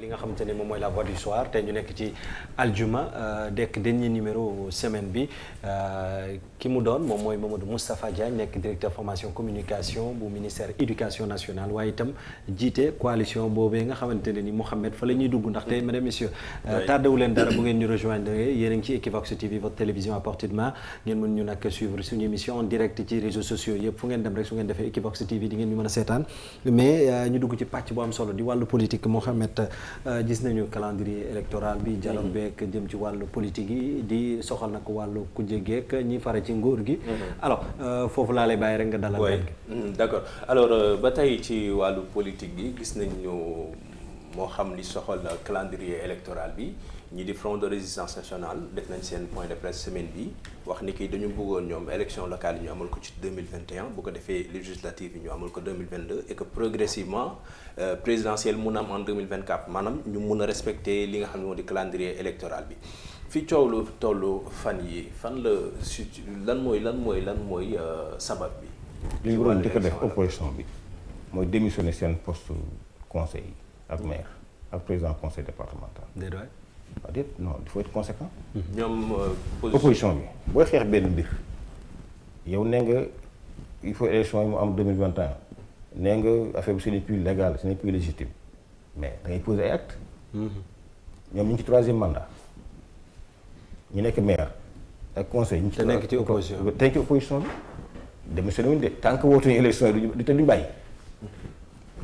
li nga xamante ne moom mooy la voix du tey ñu nekk ci aljuma euh, dekk dernier numéro semaine bi euh, ki mu doon moom mooy Mamadou Moustapha Diagne nekk directeur formation communication bu ministère éducation nationale waaye itam jiite coalition boobee nga xamante ne ni Mouhamed fa la ñuy dugg ndaxte mesdames messieurs euh, tardewu leen dara bu ngeen ñu rejoindre yéen a ngi ci Equivox TV votre télévision à portée de ngeen mën ñu nag suivre suñu émission en direct ci réseaux dem rek su ngeen defee Equivox TV di ngeen ñu mën a seetaan mais ñu dugg ci pàcc Euh, gis nañu calendrier électoral bi dialogue mhm. beek jëm ci wàllu politique yi di soxal na ko wàllu kujje geek ñi fare ci nguur gi mhm. alors euh, foofu laa lay bàyyi rek nga dalal rek mhm, d'accord alors euh, ba tey ci wàllu politique bi gis nañu moo xam ni soxal calendrier électoral bi ñi di front de résistance nationale def nañ seen point de presse semaine bi wax ni kii dañu bëggoon ñoom élection locale yi ñu amal ko ci 2021 bu ko defee législative yi ñu amal ko 2022 et que progressivement euh, présidentielle mun a am en 2024 ñu mun a respecter li nga xam ne moo di calendrier électoral bi fi coow lu tollu fan yi fan la su lan mooy lan mooy lan mooy euh, sabab bi li ñu waroon di ko def opposition bi mooy démissionner seen poste conseil ak maire ak président conseil départemental déet non il faut être conséquent. Mm-hmm. ñoom euh, opposition bi booy xeex benn mbir yow ne nga il faut élection yi mu am 2021 nee nga affaire bi ce n'est plus légal ce n'est plus légitime mais da ngay poser mm-hmm. ñoom ñu ngi ci troisième mandat ñu nekk maire ak conseil. ñu ci te nekk ci opposition bi te nekk ci opposition bi démissionné wuñ de tant que wootuñu élection yi du te duñ bàyyi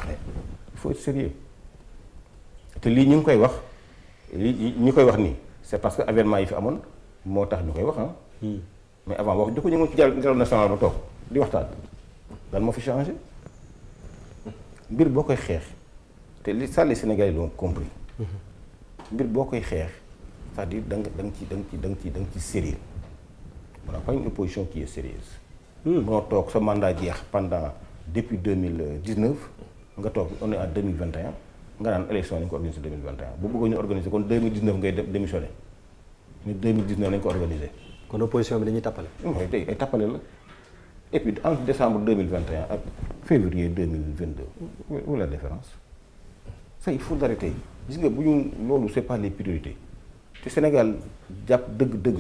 il faut être sérieux te lii ñu ngi koy wax. li ñu koy wax nii c'est parce que avènement yi fi amoon moo tax ñu koy wax ah. mais avant wax du ko ñu ngi ci dialogue national ba toog di waxtaan lan moo fi changé mbir boo koy xeex te li ça les Sénégalais hmm. mbir boo koy xeex c'est-à-dire da nga da nga ci da nga ci da nga ci da nga ci sérieux on n'a pas une hmm. toog sa mandat jeex pendant depuis deux mille dix-neuf nga toog on est en deux mille vingt nga naan élection nañ ko organiser 2021 bu bëggoon ñu organiser kon 2019 ngay démissionné ñu 2019 nañ ko organiser. kon opposition bi dañuy tappale. mooy tey ay tappale la et puis entre décembre 2021 ak février 2022 où la différence ça il faut l'arrêter gis nga bu ñu loolu c'est pas les priorités te Sénégal jàpp dëgg-dëgg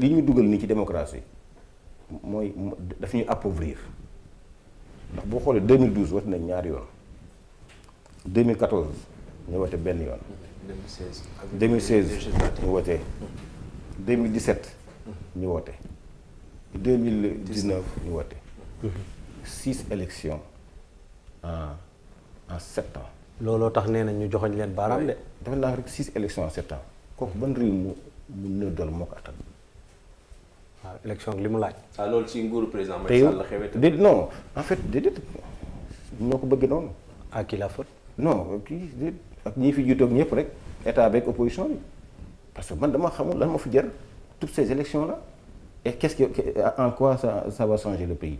li ñu dugal nii ci démocratie mooy daf ñuy appauvrir ndax boo xoolee 2012 wat nañ ñaari yoon. 2014 ñu woote benn yoon. 2016 2016 ñu wote. 2017 ñu woote wote. 2019 ñu wote. six élections en en sept ans. looloo tax nee nañ ñu joxoñ leen baaraam de. dafa naa rek six élections en sept kooku ban réew mu mu néew doole moo ko attan. waaw li mu laaj. ah loolu ci nguuru président Macky Sall la xewee. non en fait ko bëgg noonu. à qui non kii ak fi jiitoog ñëpp rek état beeg opposition parce que man dama xamul lan ma fi jar toutes et qu'est-ce que en quoi ça ça le pays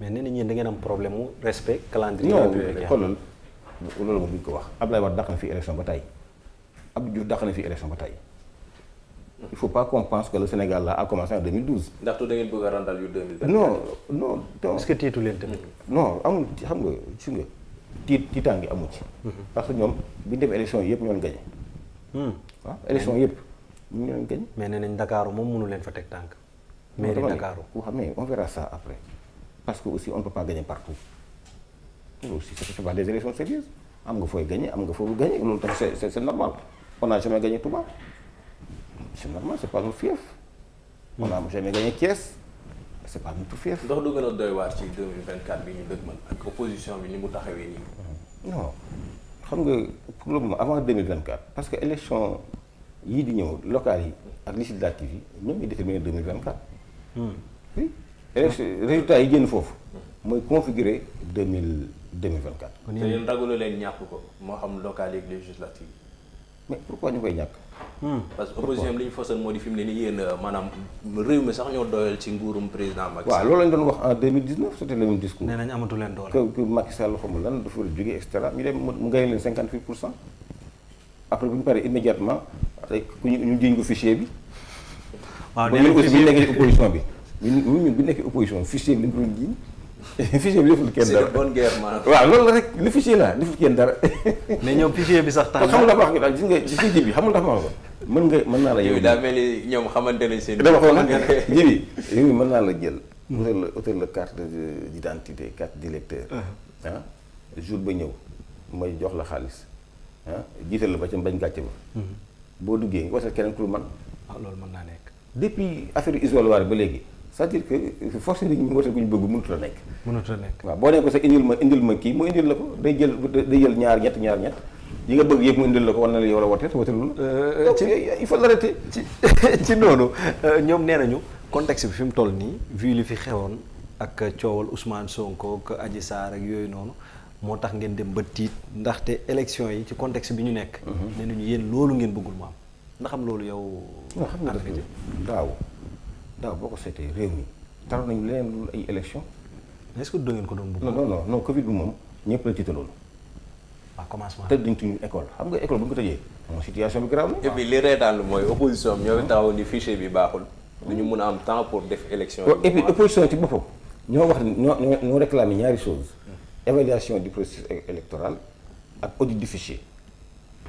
mais nee nañ da ngeen am problème mu respect calendrier. républicain non loolu moom bu ñu ko wax Abdoulaye Wade dàq na fi élection ba tey Abdou Diouf dàq na fi élection ba tey il faut pas qu'on que le Sénégal là a commencé en 2012. ndax da ngeen bëgg a randal yu 2012. non leen tamit. non amul xam nga si nga. tiit tiitaange amu ci. Mhm. parce que ñoom bi ñu def élection yi yëpp ñoo leen gagné. waaw hmm. ah, élection yëpp mu leen gagné. mais nee nañ Dakar moom mënu leen fa teg tànk. mais Dakar waaw mais on verra ça après parce que aussi on ne peut pas gagner partout loolu aussi c'est am nga fooy gagné am foofu gagné loolu tamit c'est c'est normal on n'a jamais gagné Touba c'est normal c'est pas un fief. on n'a jamais gagné Thiès. c'est pas notre fief. ndox du gën a doy waar ci 2024 bi ñu dëgmal bi ni mu taxawee nii. Mm-hmm. xam nga pour le moment avant 2024 parce que élection yii di ñëw locales yi ak législatives yi ñoom ñuy déterminer 2024. Mm. oui élection résultats yi génn foofu. Mm. mooy configure deux mille de mille vingt quatre. kon yéen ragalu leen ñàkk ko moo xam locales yi ak législatives yi. mais pourquoi ñu koy ñàkk. Hmm. parce que opposition bi li ñu fasoon moo di fi mu ne nii yéen euh, maanaam réew mi sax ñoo doyal ci nguurum président Macky waaw loolu lañ doon wax en 2019 c'était le même discours. nee nañ amatu leen doole. que que Macky Sall xamul lan dafa war a jóge et ñu dem mu gagne leen 58 pour cent après bu ñu paree immédiatement ku ñu ñu jiñ ko fichier bi. waaw nee nañ aussi bi bu nekkee opposition bi. ñun ñun bi ñu nekkee opposition fichier bi lañ ko doon fichier bi deful kenn dara waaw loolu la rek li fichier la deful kenn dara. mais ñoom fichier bi sax. tax xam nga wax daal gis nga fichier bi xamul dafa ma ko. mën nga mën naa la yow. daa mel ni ñoom xamante nañ seen. dama xool ji naa la jël. utal la utal la carte d'identité carte d'électeur. Uh-huh. ah jour ba ñëw may jox la xaalis ah, jiital la ba ca bañ gàcce ba. Hmm. boo duggee nga watal keneen ku man. ah loolu mën naa nekk. depuis affaire isoloir ba léegi. c'est-à-dire que forcé nit ñi woote gu ñu bëgg mënut la nekk. mënut la nekk waaw boo nekkoon sax indil ma indil ma kii mu indil la ko day jël ñaar ñett ñaar ñett yi nga bëgg yëpp mu indil la ko wan na la yow la wootee euh, euh, il faut l'arrêter. ci noonu euh, ñoom nee nañu contexte bi fi mu toll nii vu li fi xewoon ak coowal Ousmane Sonko ak Adji Sarr yooyu noonu moo tax ngeen dem ba tiit ndaxte élection yi ci contexte bi ñu nekk. Mhm. nee nañu yéen loolu ngeen bëggul maam am loolu yow. waaw xam nga daaw. daaw boo ko seetee réew mi taroon nañu leneen lu ay élection est-ce que doo ngeen ko doon bëgg. non non non non Covid bi moom ñëpp la tiitaloon. waaw commencement tëj nañ suñu xam nga école bu ñu tëjee. moom situation bi na. et puis li baaxul. du ñu mun a am temps pour def élection. et puis opposition ci boppam ñoo wax ñoo ñoo réclamé ñaari choses. évaluation du processus électoral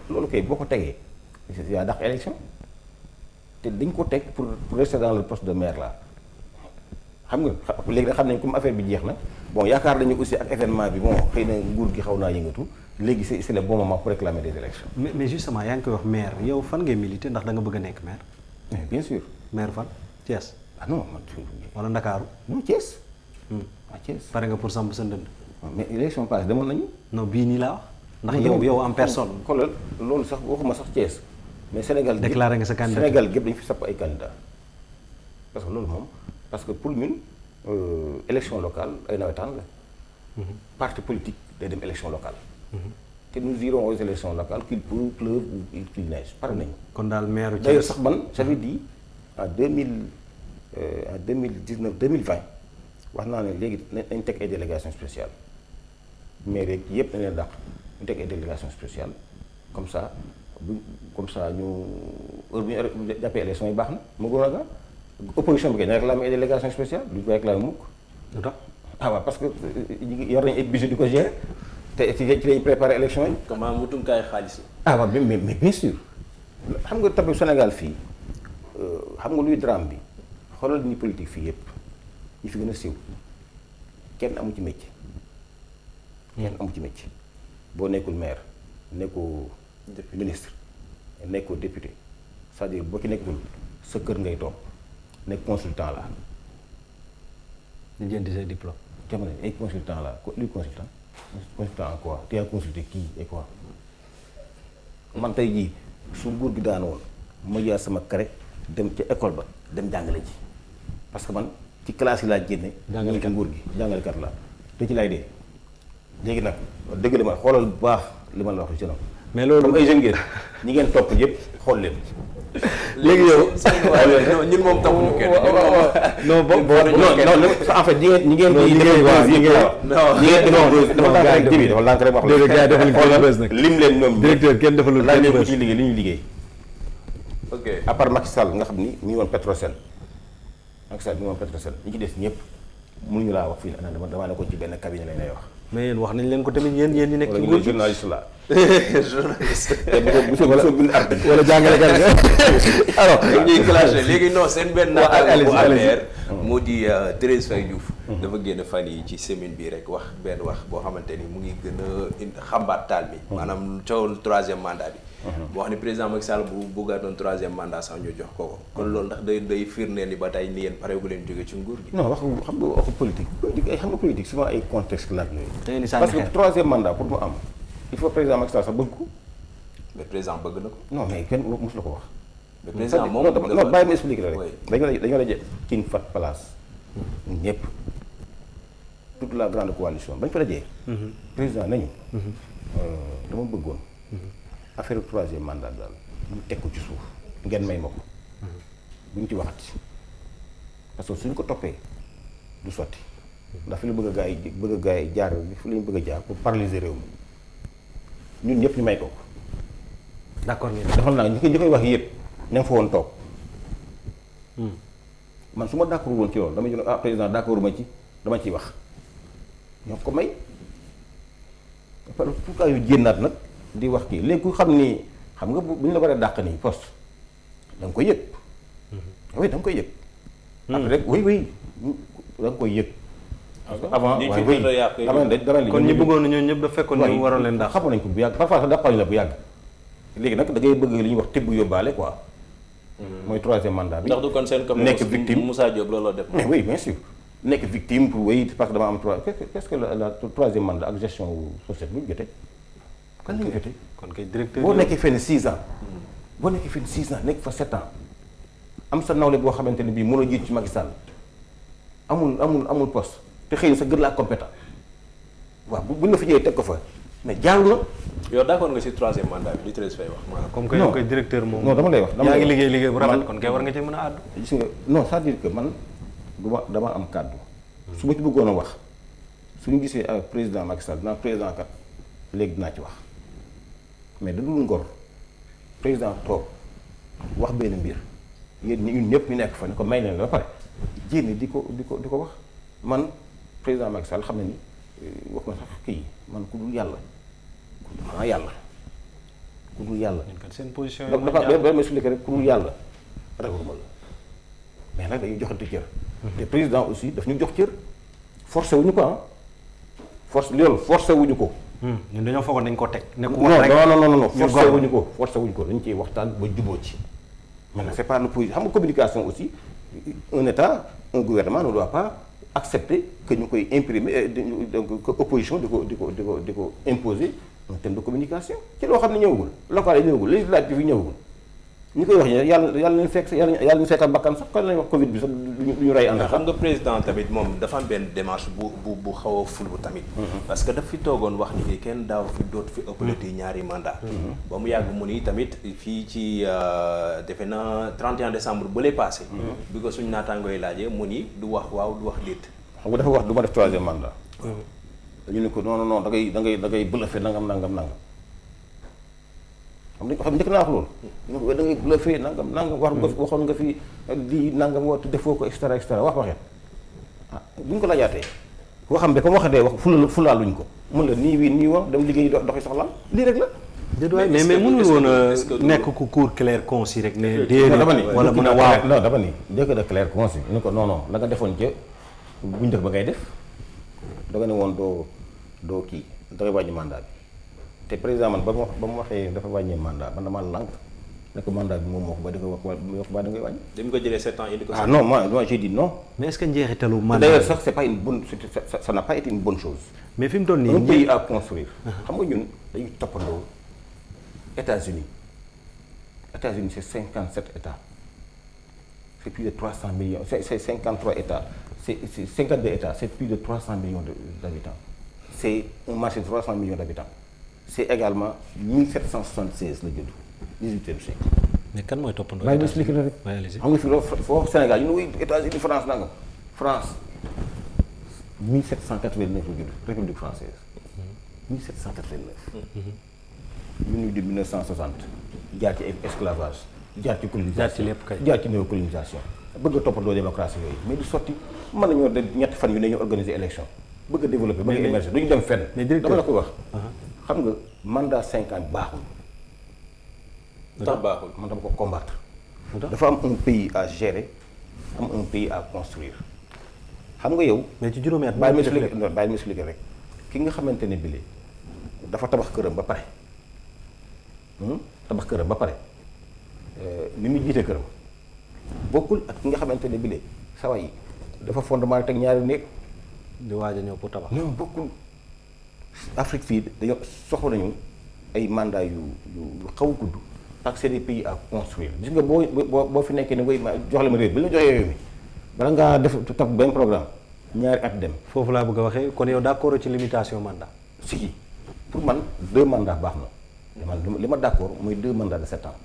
boo ko tegee yaa dax élection. te dañ ko teg pour pour rester dans le poste de maire là xam nga léegi nag xam nañ comme affaire bi jeex na bon yaakaar nañu aussi ak événement bi bon xëy na nguur gi xaw naa yëngatu léegi c'est c'est le bon moment pour réclamer des élections mais mais justement ngi koy wax maire yow fan ngay militer ndax da nga bëgg a nekk maire. bien sûr. maire fan Thiès. Ah non man. wala Ndakaaru. non Thiès. Hmm. ah Thiès. pare nga pour samp sa ndënd. mais élection passée demoon nañu. no bii nii laa wax. ndax yow yow en personne. xoolal loolu sax waxuma sax Thiès. mais Sénégal déclaré nga sa candidat Sénégal gépp dañu fi sapp ay candidat parce que loolu moom parce que pour ñun euh, élection locale ay nawetaan la mhm. parti politique day dem élection locale mhm. te nous irons aux élections locales qu'il pleuve ou qu'il neige pare nañu kon daal maire d'ailleurs sax man j'avais mhm. dit en deux mille en euh, deux mille dix neuf deux mille vingt wax naa ne léegi nañ teg ay délégation spéciale mais yeeg yëpp dañ leen dàq ñu teg ay délégation spéciale comme ça comme sa ñu heure bu ñu jàppee élection yi baax na mu gën a gaaw opposition bi kay na réclamer ay délégation spéciale du ko réclamer mukk lu tax ah waaw parce que euh, yor nañu ay budget di ko gérer te ci lañu préparé élection yi. comment mu tunkaay xaalis ah waaw mais mais bien sûr xam nga tamit Sénégal fii euh, xam nga luy drame bi xoolal ni politique fii yëpp ñu fi gën a siiw kenn amu ci métier. kenn amu ci métier boo nekkul maire nekkoo. ministre nekkoo député cest à boo ci nekkatul sa kër ngay toog nekk consultant la ñu jënd sa diplôme. jamono ay consultant la luy consultant consultant en quoi tu as consulté kii et quoi man tey jii su nguur gi daan woon ma yaa sama kare dem ca école ba dem jàngale ji parce que man ci classe yi laa génne. jàngalekat nguur gi jàngalekat la te ci laay dee. léegi nag dëgg li ma xoolal bu baax li ma la wax ci mais loolu comme ay jeunes ñi ngeen topp yëpp xool leen. léegi yow ñun moom taxuñu kenn non boo boo non en fait ñi ngeen ñi ngeen ñi ngeen ñi ngeen ñi ngeen dafa leen ñoom directeur kenn defalul kenn laaj ko ci liggéey li ñuy liggéey ok à nga xam ni mi ngi woon Petrosen Macky Sall mi ngi woon Petrosen ñi ci des ñëpp mënuñu laa wax fii la ana ne ko ci benn cabinet lañ lay wax mais yéen wax nañ leen ko tamit yéen yéen ñi nekk ci nguur gi journaliste la journaliste wala jàngalekat nga alors ñuy euh, clashé léegi non seen benn nataal bu affaire moo di euh, Thérèse Faye Diouf hmm. dafa génn fan yi ci semaine bi rek wax benn wax boo xamante ni mu ngi gën a xambaat taal bi hmm. maanaam coow troisième mandat bi boo xam ne président Macky Sall bu bëggaatoon troisième mandat sax ñu jox ko ko kon loolu ndax day day firndeel ni ba tey ni yéen pare gu leen jóge ci nguur gi non wax xam nga waxu politique politique ay xam nga politique souvent ay contexte laaj yooyu parce que troisième mandat pour ko mais président na ko non mais kenn la ko wax le président moom non bàyyi ma expliqué la rek dañoo la dañoo la jël une fat place ñëpp toute la grande coalition bañ mm-hmm. mm-hmm. euh, dama bëggoon mm-hmm. affaire troisième mandat daal mu teg ko ci suuf ngeen may ma ko mm-hmm. buñ ci waxati parce que suñ ko toppee du sotti ndax fi la bëgg a yi bëgg a gaay jaar bi fi ñu bëgg a jaar pour paralyser réew mi ñun ñëpp ñu may ko d' accord defal naa ñu koy ñu koy wax yëpp ne fa woon toog mm. man su ma d' accord woon ci loolu dama jël ah président d' accord ma ci dama ciy wax ñoo ko may pourquoi yu génnaat nag di wax kii léegi ku xam ni xam nga bu ñu la war def dàq nii poste da ko koy yëg. Mhm. oui da nga koy yëg. Hmm. après rek oui oui da nga avant waaye oui dama ne ñu ko bu wax tibb yóbbaale quoi. Hmm. mooy troisième mandat parce que dama am trois la troisième mandat ak gestion société bi jotee. kan lañu jotee. kon kay directeur boo nekkee fenn 6 ans. Hmm. boo nekkee fenn 6 ans nekk fa 7 ans am sa nawle boo xamante ne bii mën a jiit ci Macky Sall amul amul amul poste te xëy na sa gën laa compétent waaw bu buñ la fi ñëwee teg ko fa mais jaarul na. yow d'accord nga ci troisième mandat bi li Thérèse Faye wax. maanaam comme que yow kay directeur moom. non dama lay wax dama yaa ngi liggéey liggéey bu rafet kon kay war nga ci mën a àddu. gis nga non c'est-à-dire que man duma dama am kàddu. su ma ci bëggoon a wax suñu gisee ah, président Macky Sall dinaa président kat léegi dinaa ci wax. mais da dul ngor président toog wax benn mbir yéen ñun ñëpp ñu nekk fa ne ko may leen la ba pare jénn di ko di ko di ko wax man président Macky Sall ni euh, wax ma sax kii man ku dul yàlla ku dul yàlla ku dul seen position dafa ba ma rek ku dul yàlla ragaluma la mais nag dañuy joxante cër mhm. te président aussi daf ñu jox cër forcé wuñu ko ah force loolu forcé wuñu ko Hmm, ñun dañoo foogoon nañ ko teg. ne ku wax rek non non non non forcé wuñu ko forcé wuñu ko dañ ciy waxtaan ba jubóo ci. maintenant c'est pas le aussi un état un gouvernement ne doit pas accepter que ñu koy imprimer euh, donc que opposition di ko di ko di ko di ko imposer un thème de communication ci loo xam ne ñëwagul local yi ñëwagul législative yi ñëwagul. ñi koy wax ñu yàlla yàlla nañu fekk yàlla ñu fekkal bakkan sax kon lañu ñu rey nga président tamit moom dafa am benn bu bu bu xaw a fulu tamit. Mm-hmm. parce que daf fi toogoon wax ni fii kenn daaw fi doot fi ëppalati mm-hmm. ñaari mandat mm-hmm. ba mu yàgg mu ni tamit fii ci euh, defe na 31 décembre bu lay passé. bi ko suñu naataangooy laajee mu ni du wax waaw du wax déet. xam nga dafa wax du ma def troisième mandat. dañu ne ko non non non dangay dangay dangay bëlëfe nangam nangam nangam. xam nañ ko njëkk naa wax loolu da ngay la fay nangam nangam war nga waxoon nga fi di nangam woote defoo ko et cetera et cetera wax waxeen ah bu ñu ko laajaatee waxam be comme waxatee wax fula fulaaluñ ko mun la nii wii wa dem liggéey dox doxi soxlaam la déedéet mais mais mënul woon a euh, nekk ku court clair concis rek ne déedéet dama ni wala a waaw non dama ni dëkk da clair concis ko non non la nga defoon ca bu def ba ngay def da ne woon doo doo kii dangay wàññi mandat bi te président man ba mu ba mu waxee dafa wàññee mandat man damaa lànk ne ko mandat bi moom moo ko ba di ko wax wax ba da ngay wàññi. dañ ko jëlee sept ans indi ko. ah non moi moi j'ai dit non. mais est-ce que njeexitalu n'a ah. xam nga ñun dañuy toppandoo États-Unis États-Unis c'est 57 États c'est plus de 300 millions c'est c'est 53 États c'est c'est 52 États c'est plus c'est également 1776 la judd 18e siècle. mais kan mooy toppandoo. bàyyi ma expliqué la rek. xam nga fi loolu foofu Sénégal ñu ne wuy États-Unis France nangam France 1789 la judd République française 1789. Mhm. Mhm. ñu ngi di 1960 jaar ci esclavage jaar ci colonisation jaar ci lépp kay bëgg a toppandoo démocratie yooyu mais du sotti mën nañoo dem ñetti fan yu ne ñu organiser élection bëgg a développer bëgg a émerger duñu dem fenn. mais dama la ko wax. Uh-huh. xam nga mandat cinq ans baaxul. ndax baaxul man dama ko combattre. dafa am un pays à gérer am un pays à construire. xam nga yow. mais ci juróomi at bàyyi ma expliqué non bàyyi ma rek ki nga xamante ne bii dafa tabax këram ba pare hmm? tabax këram ba pare ni euh, mu jiite këram bokkul ak ki nga xamante ne bii sawa yi dafa fondement teg ñaari néeg. di waaj a ñëw pour tabax. non bokkul. Afrique fii dañoo soxla nañu ay mandat yu yu xaw a gudd parce que c'est des pays à construire nga boo boo boo fi nekkee ne way ma jox la ma réew bi la joxee réew mi bala ngaa def taf benn programme ñaari at dem. foofu laa bëgg a waxee kon yow d'accord ci limitation mandat. si pour man deux mandats baax na man li ma d'accord mooy deux mandats de sept ans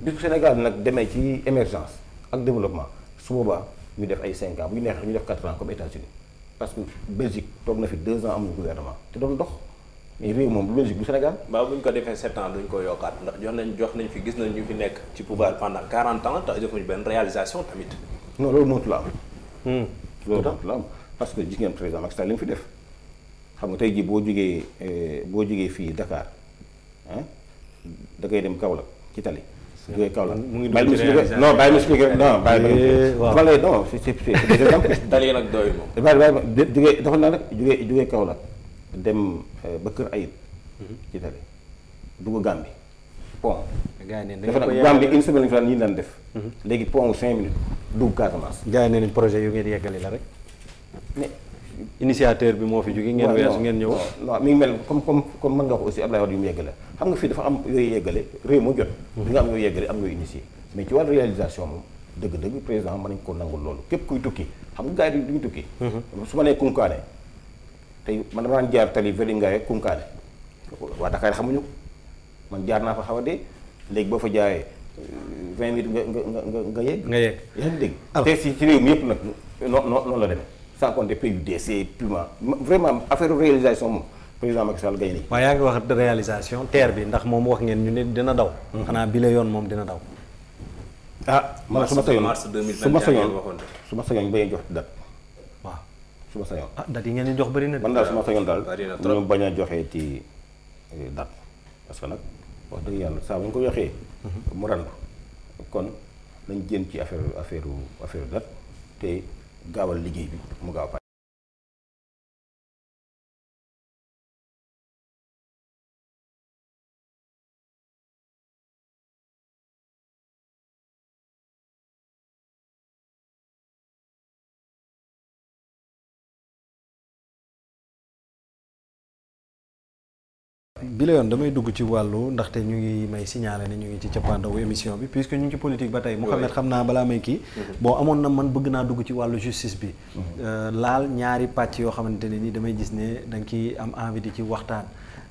bis bu Sénégal nag demee ci émergence ak développement su boobaa ñu def ay cinq ans bu ñu neexee ñu def quatre ans comme États-Unis parce que Belgique toog na fi deux ans amul gouvernement te doon dox mais réew moom Belgique du Sénégal. waaw bu ñu ko defee sept ans duñ ko yokkaat ndax jox nañ jox nañ fi gis nañ ñu fi nekk ci pouvoir pendant quarante ans te defuñu benn réalisation tamit. non loolu mënut la am. Hmm. loolu la am parce que gis ngeen président Macky Sall li mu fi def xam nga tey jii boo jógee eh, boo jugee fii dakaar ah da ngay dem Kaolack ci tali. jógee Kaolack mu ngi bàyyi ma non bàyyi ma expliqué eh, non bàyyi ma ma lay non si si si dalee nag doy moom eh, bàyyi bàyyi ma jógee dafa naa nag jógee jógee Kaolack dem eh, ba Kër Ayib mhm. ci dale dugg Gambie pont gars yi dafa nag Gambie une semaine lañu fa daan ñu daan def mhm. léegi pont cinq minutes dugg Casamance gars yi ne nañ projet yu ngeen yeggali la rek initiateur bi moo fi jóge ngeen weesu ngeen ñëw waaw mi mel comme comme comme mën nga wax aussi Abdoulaye Wade yu mu yegg la xam nga fii dafa am yooyu yeggale réew mm-hmm. nga am yooyu yeggale am yooyu initié mais ci wàllu réalisation moom dëgg ko loolu képp kuy tukki xam nga gars yi duñu tukki mm-hmm. su ma nee kunkaane tey man dama naan jaar tali veli ngaye kunkaane waa Dakar xamuñu ko man jaar naa fa xaw a dee léegi boo fa jaayee vingt minutes nga nga nga nga yegg nga yegg yaa réew mi yëpp nag noo noo noonu la demee sans compter PUDC Puma vraiment affaire réalisation moom président Macky Sall gay waaw yaa ngi wax réalisation terre bi ndax moom wax ngeen ñu ne dina daw. Mhm. xanaa bi la yoon moom dina daw. ah man su ma sañoon su ma sañoon su ma sañoon bañ a jox date. waaw su ma sañoon. ah date yi ngeen di jox bëri na de. man daal su ma daal ñu bañ a joxee ci eh, date parce que nag wax dëgg yàlla saa bu ñu ko waxee. Mhm. mu rànd kon dañ jën ci affaire affaire affaire date te. gaawal liggéey bi mu gaaw bi la damay dugg ci wàllu ndaxte ñu ngi may signaler ne ñu ngi ci cappaandawu émission bi puisque ñu ngi ci politique ba tey Mouhamed xam naa balaa may kii mhm. bon amoon na man bëgg naa dugg ci wàllu justice bi mhm. euh, laal ñaari pàcc yoo xamante ne ni damay gis ne da nga am envie di ci waxtaan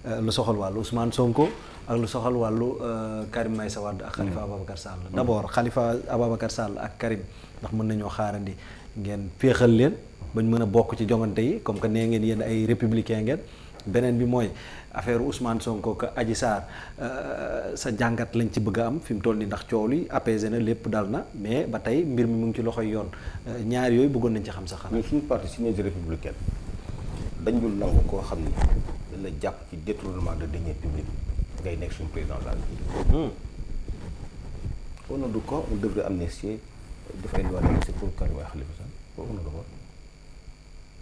euh, lu soxal wàllu Ousmane Sonko ak lu soxal wàllu euh, Karim Meïssa Wade ak Khalifa mhm. Ababacar Sall d'abord Khalifa Ababacar Sall ak Karim ndax mën nañoo xaarandi ngeen féexal leen bañ mën a bokk ci jongante yi comme que nee ngeen yéen ay républicain ngeen beneen bi mooy affaire Ousmane Sonko aji Adji Sarr euh, sa jàngat lañ ci bëgg am fi mu toll nii ndax coow li apaisé na lépp dal na mais ba tey mbir mi mu ngi ci loxo yoon euh, ñaari yooyu bëggoon nañ ci xam sa xam ñun suñu parti Synergie républicaine dañ dul nangu koo xam ni dañ la jàpp ci détournement de deniers publics de la République. Hmm. au nom de quoi on devrait amnistier dafay loi d'amnistie pour Karim ak Khalifa Sall au nom de quoi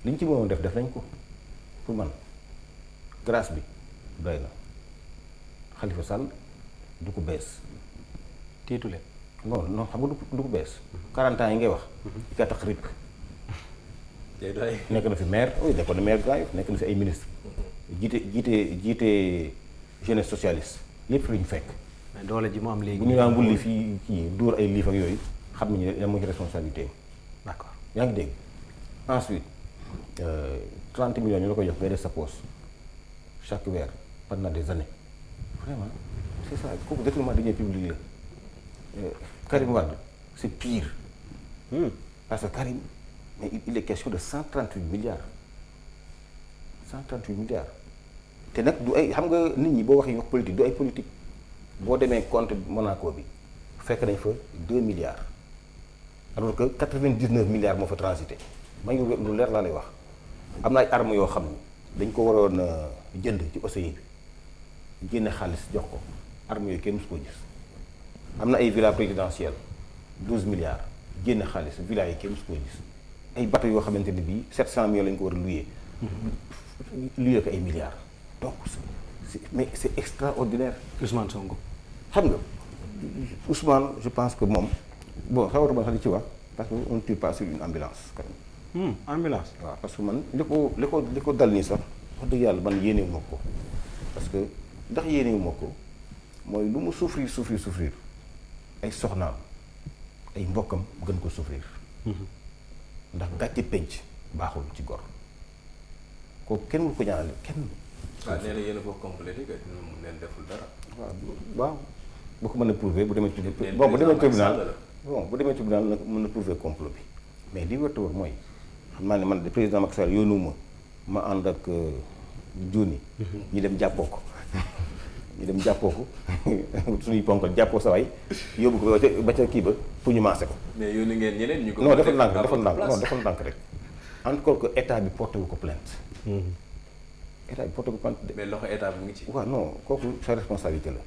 li ñu ci mënoon def def nañ ko pour man grâce bi. doy na Khalifa du ko bees. téetu leen. non non xam nga du ko du ko bees. 40 yi ngay wax. yi kaa tax RIP. nekk na fi maire oui nekkoon na maire Grand nekk na fi ay ministre mhm. jiite jiite jiite jeunesse socialiste lépp lu ñu fekk. mais doole ji mu am léegi. bu ñu daan wulli fii kii dóor ay liif ak yooyu xam nañu ne moo accord yaa ngi dégg ensuite 30 euh, millions ñu la koy jox ngay def sa poche chaque weer. pendant des années vraiment c' est ça kooku détournement deniers publics la euh, Karim Wade c' est pire. Hmm. parce que Karim mais il est question de 138 milliards 138 milliards te nag du ay xam nga nit ñi boo waxee wax politique du ay politique boo demee compte Monaco bi fekk dañ fa 2 milliards alors que 99 milliards moo fa transité ma ngi lu leer laa lay wax am naa ay armes yoo xam ni dañ ko waroon euh, jënd ci océan génne xaalis jox ko armes yooyu kenn musu ko gis am na ay villa présidentielle douze milliards génne xaalis villa yi kenn musu ko gis ay bateau yoo xamante ne bii sept cent millions lañ ko war a loué loué ko ay milliards donc c'est mais c'est extraordinaire Ousmane Sonko xam nga Ousmane je pense que moom bon xawaruma sax di ci wax parce que on ne tire pas sur une ambulance hmm, parce que man li ko li ko li ko dal nii sax wax dëgg yàlla man yéene ko ndax yéene wu ma ko mooy lu mu souffrir souffrir souffrir ay soxnaam ay mbokkam gën ko souffrir. Mm-hmm. ndax gàcce penc baaxul ci gor. kooku kenn mënu ko ñaanale kenn. waaw ah, nee na yéen a ko complété que mu leen deful dara. waaw waaw bu ko mën a prouver bu demee. tribunal bon bu demee tribunal bon bu demee tribunal nag mën na prouver complot bi mais li wër te mooy xam naa ne man de président Macky Sall yónnu ma ma ànd ak Dioni. Euh, mm-hmm. ñu dem jàppoo ko. ñu dem jàppoo ko suñuy ponkal jàppoo sa waay yóbbu ko ba ca kii ba pour ñu maase ko. mais yónni ngeen ñeneen ñu ko. non defal ndànk defal ndànk non defal nank rek. encore que état bi porté wu ko plainte. Mm-hmm. état bi porté wu ko plainte. mais loxo état bi mu ngi ci. waaw non kooku sa responsabilité la.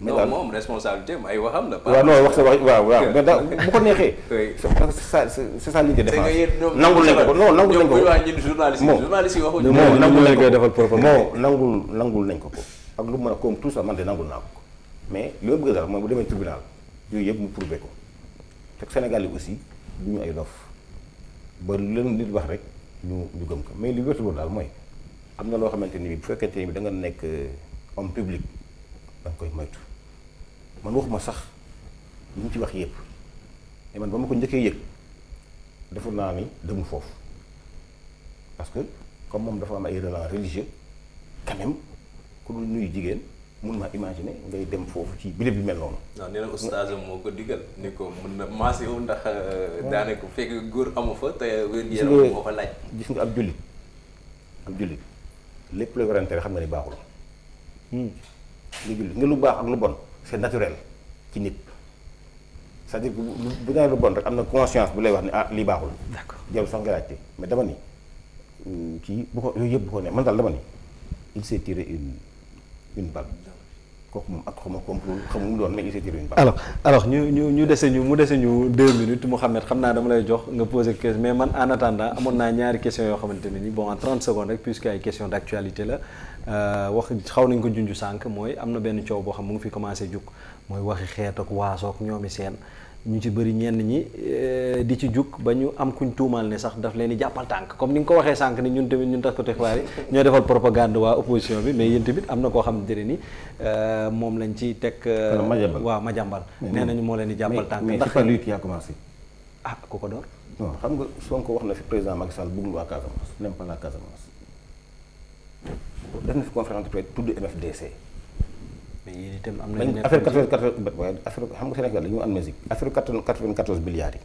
mais daal moom responsabilité am ay waxam la. waaw non wax sa wax waaw waaw mais daal bu ko neexee. c'est ça l'idée de défense. nangul nañ ko non nangul nañ ko ko moom nangul nañ ko defal propre moom nangul nangul nañ ko ko ak lu mën a koom tout ça man de nangul naa ko mais li ma bëgg daal mooy bu demee tribunal yooyu yëpp mu prouvé ko fekk Sénégal yi aussi du ñu ay dof ba leen nit wax rek ñu ñu gëm ko mais li wér daal mooy am na loo xamante ni bu fekkente ni bi da nga nekk euh, homme public da nga koy moytu. man waxuma sax li mu ci wax yépp mais man ba ma ko njëkkee yëg defu naa ni demul foofu parce que comme moom dafa am ay relents religieux quand même ku dul nuyu jigéen mun ma imaginer ngay dem foofu ci bilib bi mel noonu. waaw nee na oustaz moo ko digal ni ko mun na maase wu ndax euh, ko fekk góor amu fa te wér-gu-yaram moo ko laaj. gis nga ab jullit ab jullit lépp lay warante xam nga ni baaxul. Hmm. nga jullit nga lu baax ak lu bon. c'est naturel ci nit cest dire que bu nee lu bon rek am na conscience bu lay wax ne ah lii baaxul. d'accord jarul sax nga laajte mais dama ni mm, kii bu ko yooyu yëpp bu ko ne man daal dama ñu ñu ñu dese ñu mu dese naa dama lay jox nga poser question mais man en attendant amoon naa ñaari question yoo xamante ne ni bon en 30 secondes rek puisque ay question d'actualité la. Euh, wax xaw nañ ko junj sànq mooy am na benn coow boo xam mu ngi fi commencé jug mooy waxi xeet ak waasoog ñoomi seen ñu ci bëri ñenn ñi euh, di ci jug ba ñu am kuñ tuumaal ne sax daf leen di jàppal tànk comme ni nga ko waxee sànq ni ñun tamit ñun tas ko xibaar yi ñoo defal propagande waa opposition bi mais yéen tamit am na koo xam ne ni euh, moom lañ ci teg. waaw ma jàmbal nee nañu moo leen di jàppal tànk. ndax mais mais yaa commencé. ah xam nga Sonko wax na fi président Macky Sall bëggul waa Casamance n'aime Casamance. def na fi conférence de presse tudd MFDC. mais yéen itam am nañu. affaire 94 waaye affaire xam nga Sénégal dañoo amnésique yi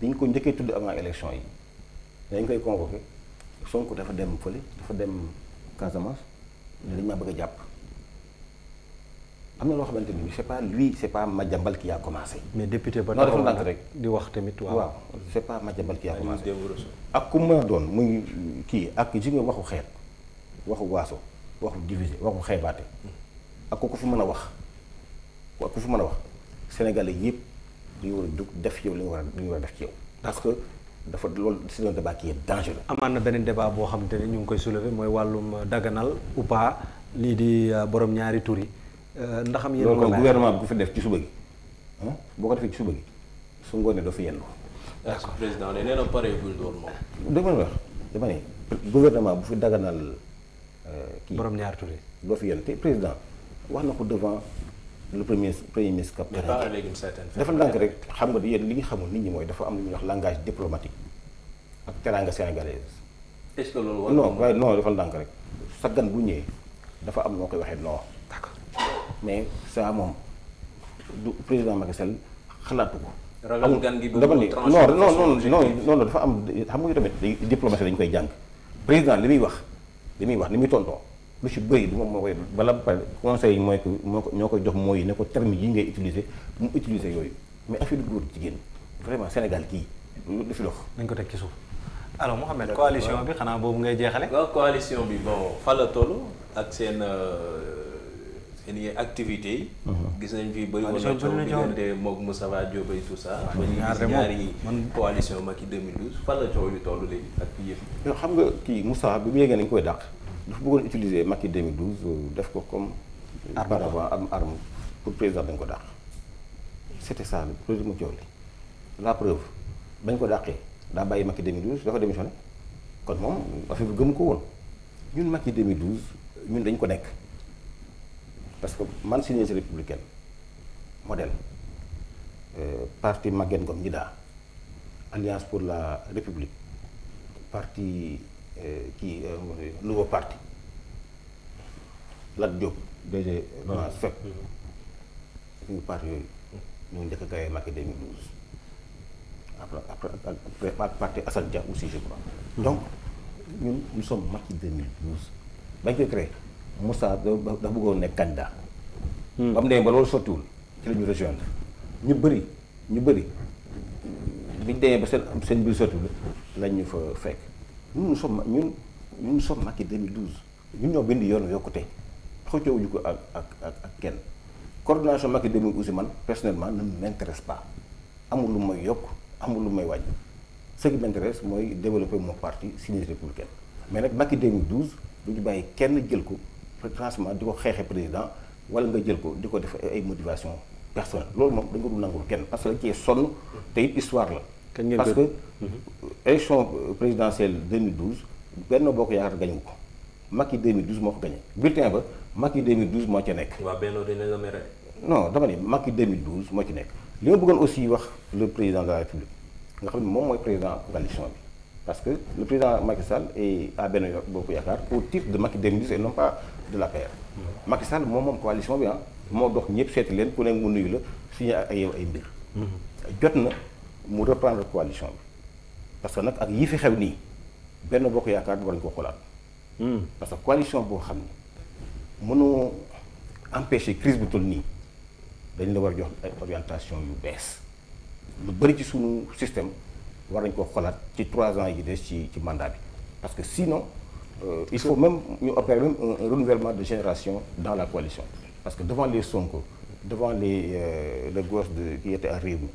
bi ñu ko njëkkee tudd avant élection yi dañ koy convoqué Sonko dafa dem fële dafa dem Casamance ne dañ ma bëgg a jàpp. am na loo xamante ni c'est pas lui c'est pas Madiambal qui a commencé. mais député ba taxaw na rek di wax tamit. waaw waaw c'est pas Madiambal qui a commencé. ak ku mën a doon muy kii ak ji waxu xeet. waxu waaso waxu divisé waxu xeebaate ak ku ko fi mën a wax ak ku fi mën a wax sénégalais yëpp dañu war dugg def yow li nga war a def ci yow parce que dafa loolu c'est un débat qui est dangereux. amaan na beneen débat boo xamante ne ñu ngi koy soulever mooy wàllum daganal ou lii di euh, borom ñaari tur yi euh, ndax am yéen loolu fi def ci suba gi boo ko defee ci suba gi su ngoonee doo fi yendu d'accord président nee dama ne wax bu fi daganal Euh, kii borom ñaar Touré. loo fi yéen te président wax na ko devant le premier premier ministre. Cap-Vert dafa ndànk rek xam nga yéen li nga xamul nit ñi mooy dafa am lu ñuy wax langage diplomatique ak teraanga sénégalaise. est-ce que loolu war dafa ndànk rek sa gan bu ñëwee dafa am noo koy waxee non. d'accord mais ça moom du président Macky Sall xalaatu ko. ragal gan gi dama ni non dafa am xam nga tamit diplomatie dañ koy jàng président li muy wax. li muy wax li muy tontoo lu ci bëri du moom moo koy bala pare conseil yi mooy ko moo ko ñoo koy jox mooy ne ko terme yi ngay utiliser mu utiliser yooyu mais affaire góor jigéen vraiment Sénégal kii du fi dox. nañ ko teg ci suuf alors Mouhamed coalition bi xanaa boobu ngay jeexale. waaw coalition bi bon fan la toll ak seen. Euh, ni activité mhm. gis nañ fi bëri woon na coow diggante moog Moustapha Diop et tout ça. waaw ñaar ñaari coalition Macky 2012 li toll léegi xam nga kii Moustapha bi mu yeggee nañ koy dàq dafa bëggoon utiliser Macky 2012 euh, def ko comme. arme paravent am arme pour président dañ ko dàq. c' te ça le problème mu coow li la preuve bañ ko dàqee daa bàyyi Macky 2012 dafa démissionné kon moom affaire bi gëm ko woon ñun Macky 2012 ñun dañ ko nekk. parce que man si républicaine modèle euh, parti Maguette Ngom Nida alliance pour la république parti kii euh, euh, nouveau parti Lat Diop DG Rona FEP suñu parti yooyu ñoo njëkk a gayee Macky après après parti Assane Dia aussi je crois donc ñun nous sommes Macky 2012 bañ koy Moussa dafa bëggoon nekk candidat. Hmm. ba mu demee ba loolu sottiwul ci la ñu rejoindre ñu bëri ñu bëri bi ñu demee ba seen seen biir sottiwul lañ ñu fa fekk ñun nous sommes ñun ñun nous sommes Macky 2012 ñun ñoo bind yoonu yokkute xëccewuñu ko ak ak ak ak kenn coordination Macky 2012 aussi man personnellement ne m'intéresse pas amul lu may yokk amul lu may wàññi ce qui m'intéresse mooy développer mon parti Synergie républicaine mais nag Macky 2012 du ñu bàyyi kenn jël ko. franchement di ko xeexee président wala nga jël ko di ko def ay motivation personnelle loolu moom dañ ko dul nangul kenn parce que dañ cee sonn te it histoire la parce que élection présidentielle 2012 Benno Bokk Yaakaar gañu ko Macky 2012 moo ko gañe bulletin ba Macky 2012 moo ci nekk waaw Benno dina la mere non dama ne Macky 2012 moo ci nekk li ma bëggoon aussi wax le président de la République nga xam ne moom mooy président coalition bi parce que le président Macky Sall est à Benno Bokk Yaakaar au titre de Macky 2012 et non pas de la paire. Macky Sall moom moom coalition bi ah moo dox ñëpp seeti leen ku nekk mu nuyu la signé ak yow ay mbir. jot na mu reprendre coalition bi parce que nag ak yi fi xew nii benn bokk yaakaar war nañu ko xoolaat. Hmm. parce que coalition boo xam ne mënoo empêcher crise bu toll nii dañ la war jox ay orientation yu bees lu bëri ci suñu système war nañ ko xoolaat ci trois ans yi des ci ci mandat bi parce que sinon. euh, il faut même ñu opérer même un, un renouvellement de génération dans la coalition parce que devant les Sonko devant les euh, de qui était à Rewmi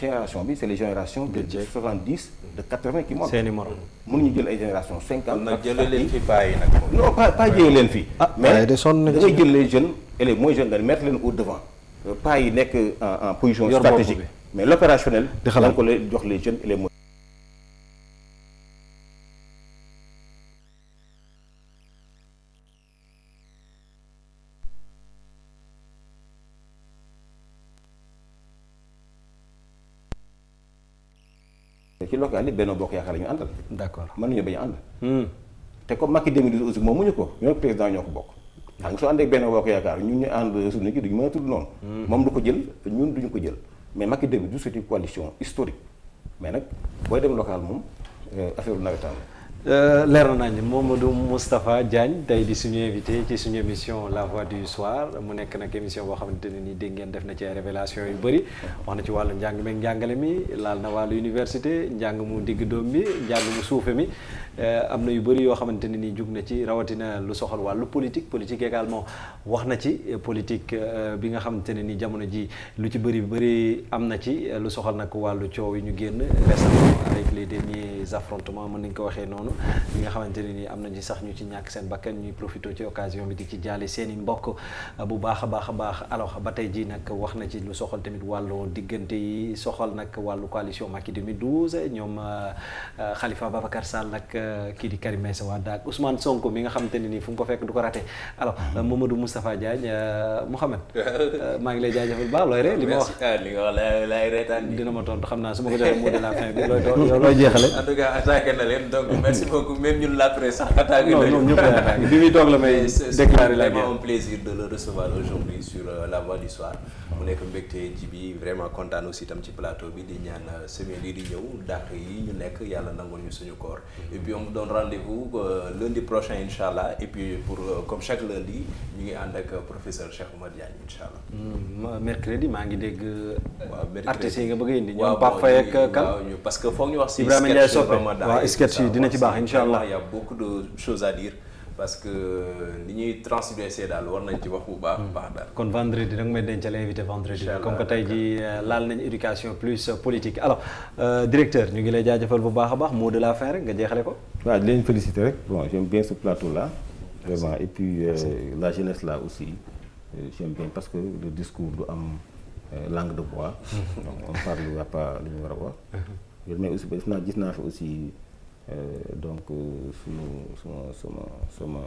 génération bi c'est les générations de 70 de 80 qui montent. seeni morom mënuñu jël ay génération 50. nag jëlee non pas pas leen fi. ah mais da ngay jël les jeunes et les moins mettre leen au devant. Euh, pas nekk en position stratégique mais l'opérationnel. di xalaat ko lay jox les jeunes les moins. locales yi Benno Bokk Yaakaar la ñu àndal. d'accord mën nañu bañ a ànd. Hmm. te comme Macky 2012 aussi moom mu ñu ko ñoo président ñoo ko bokk. xam nga soo àndee Benno Bokk Yaakaar ñun ñu ànd suñu kii duñu mën a tudd noonu. Hmm. moom du ko jël ñun duñu ko jël. mais Macky 2012 c'est une coalition historique mais nag booy dem local moom euh, affaire nawetaan la. Euh, leer na nañ Mamadou Moustapha Diagne tey di suñu invité ci suñu émission La Voix du Soir mu nekk nag émission boo xamante ne nii dégg ngeen def na ci ay révélation yu bëri wax na ci wàllu njàng njàngale mi laal na wàllu université njàng mu digg doom bi njàng mu suufe mi euh, am na yu bëri yoo xamante ne nii jug na ci rawatina lu soxal wàllu politique politique également wax na ci politique euh, bi nga xamante ne nii jamono ji lu ci bëri bëri am na ci lu soxal nag wàllu coow yi ñu génn récemment avec les derniers affrontements mën nañ ko waxee noonu ñi nga xamante ne nii am nañu sax ñu ci ñàkk seen bakkan ñuy profité ci occasion bi di ci jaale seen i mbokk uh, bu baax a baax a baax alors ba tey ji nag wax na ci lu soxal tamit wàllu diggante yi soxal nag wàllu coalition Macky 2012 ñoom uh, uh, Khalifa Babacar Sall nag kii di Karim Meïssa Wade ak Ousmane Sonko mi nga xamante ne nii fu mu ko fekk du ko raté alors mm-hmm. Mamadou Moustapha Diagne Mouhamed maa ngi lay jaajëfal baax looy ree li ma wax ah, li nga wax laay reetaan dina ma tontu xam naa su ma ko joxee mot de fin bi looy jeexale en tout cas attaqué leen donc merci merci beaucoup la presse sax attaqué nañu. non non ñëpp bi muy toog la may déclaré la guerre. c'est vraiment un plaisir de le recevoir aujourd'hui sur euh, la mu nekk mbégte ji bi vraiment kontaan itam ci plateau bi di ñaan euh, semaine di ñëw dàq yi ñu nekk yàlla nangul ñu suñu koor. et puis on vous rendez-vous euh, lundi prochain incha allah et puis pour comme chaque lundi ñu ngi ànd ak professeur Cheikh Oumar Diagne incha allah. Hmm, mercredi maa ngi dégg. waaw yi nga bëgg a indi. ñoom Pape Faye ak kan parce que foog ñu wax si. Ibrahima Soppe waaw sketch yi dina ci baax. baax incha allah il y a beaucoup de choses à dire parce que li euh, ñuy transversé daal war nañ ci wax bu baax bu hmm. baax daal. kon vendredi da nga may dencal invité vendredi. comme que tey jii euh, laal nañ éducation plus euh, politique alors euh, directeur ñu ngi lay jaajëfal bu baax a baax moo de la fin rek nga jeexale ko. waaw di leen féliciter rek bon j'aime bien ce plateau là. Merci. et puis la jeunesse là aussi euh, bien parce que le discours du am langue de bois. Hmm. donc on parle y a ñu war a wax. mais aussi gis naa gis naa fi aussi. Euh, donc suma suma suma sama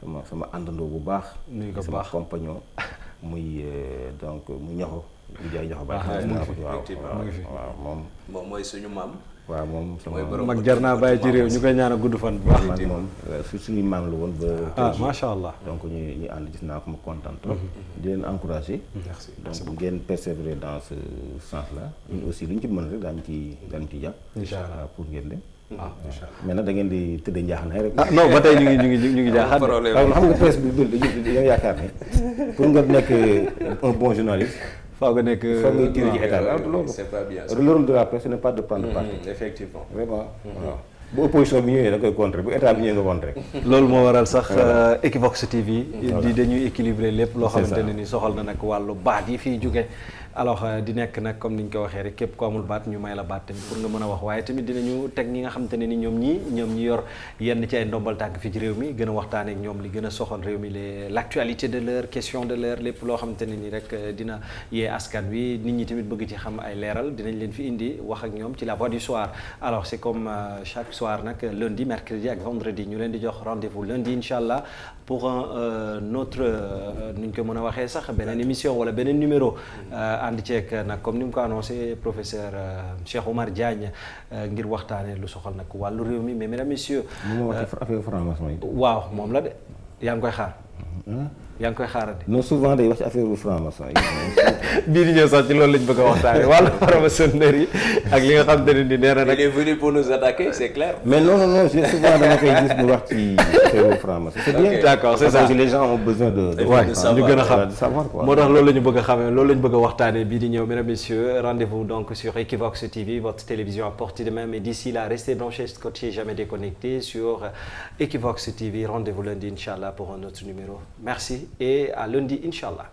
sama sama àndandoo bu baax. sama compagnon muy euh, donc euh, mu ñoxo di jaay ñoxo baax. Ah, waaw moom. moom mooy suñu maam. waaw moom sama mag jar naa bàyyi ci réew ñu koy ñaan gudd fan bu baax man moom su suñuy maam la woon ba ah, ah allah donc ñu ñu ànd gis naa ko ma kontaan trop mm-hmm. Mm-hmm. di leen encouragé donc ngeen persévérer dans ce sens là ñun aussi lu ñu ci mën rek daan ci daan ci jàpp incha allah pour ngeen dem waaw ah. mais nag da ngeen di tëdd njaaxanaay rek. ah non ba tey ñu ngi ñu ngi ñu ngi jaaxaan. waaw xam nga presse bi du du yaakaar ne pour nga nekk un bon journaliste. faaw nga nekk faaw nga tiir ci état euh, euh, c'est pas bien le rôle de la presse n'est pas de prendre mm-hmm, parti. effectivement vraiment mm-hmm. waaw. bu opposition bi ñëwee da koy contrer bu état bi ñëwee nga contrer. loolu moo waral sax euh, Equivox TV. di dañuy équilibrer lépp loo xamante ne ni soxal na nag wàllu baat yi fiy jóge alors euh, di nekk nag comme ni ñu ko waxee rek képp ko amul baat ñu may la baat tamit pour nga mën a wax waaye tamit dinañu teg ñi nga xamante ne ni ñoom ñii ñoom ñi yor yenn ci ay ndombal fii ci réew mi gën a waxtaane ñoom li gën a soxal mi les l'actualité de l'heure de l'heure lépp loo xamante ne ni euh, dina askan wi nit ñi tamit bëgg ci xam ay leeral dinañ leen fi indi wax ak ñoom ci la voix du soir alors c'est comme euh, chaque soir nag lundi mercredi ak vendredi ñu leen di jox rendez-vous lundi incha allah pour un autre nu ko mën a waxee sax beneen émission wala beneen numéro ànd ceeg nag comme ni mu ko annoncé professeur euh, Cheikh Oumar Diagne euh, ngir waxtaanee lu soxal nag wàllu réew mi mais mesdames messieurs. mu ngi wax euh, affaire franc-maçon yi. waaw moom la de yaa ngi koy xaar. yaa ngi koy xaarandi. non souvent day wax ci affaire franc-maçon yi. sa di ñëw sax ci loolu lañ bëgg a waxtaanee wàllu franc-maçonnerie ak li nga xam te ne nii nee na nag. il est nous attaquer c'est clair. mais non non non souvent dama koy gis mu wax ci affaire c'est bien d'accord c'est ça parce que les gens de. de ñu gën a xam de savoir quoi. moo tax loolu la ñu bëgg a xamee loolu la ñu bëgg a waxtaanee bii di ñëw m messieurs rendez-vous donc sur Equivox TV votre télévision à portée m main mais d'ici là restez et à lundi, Inch'Allah.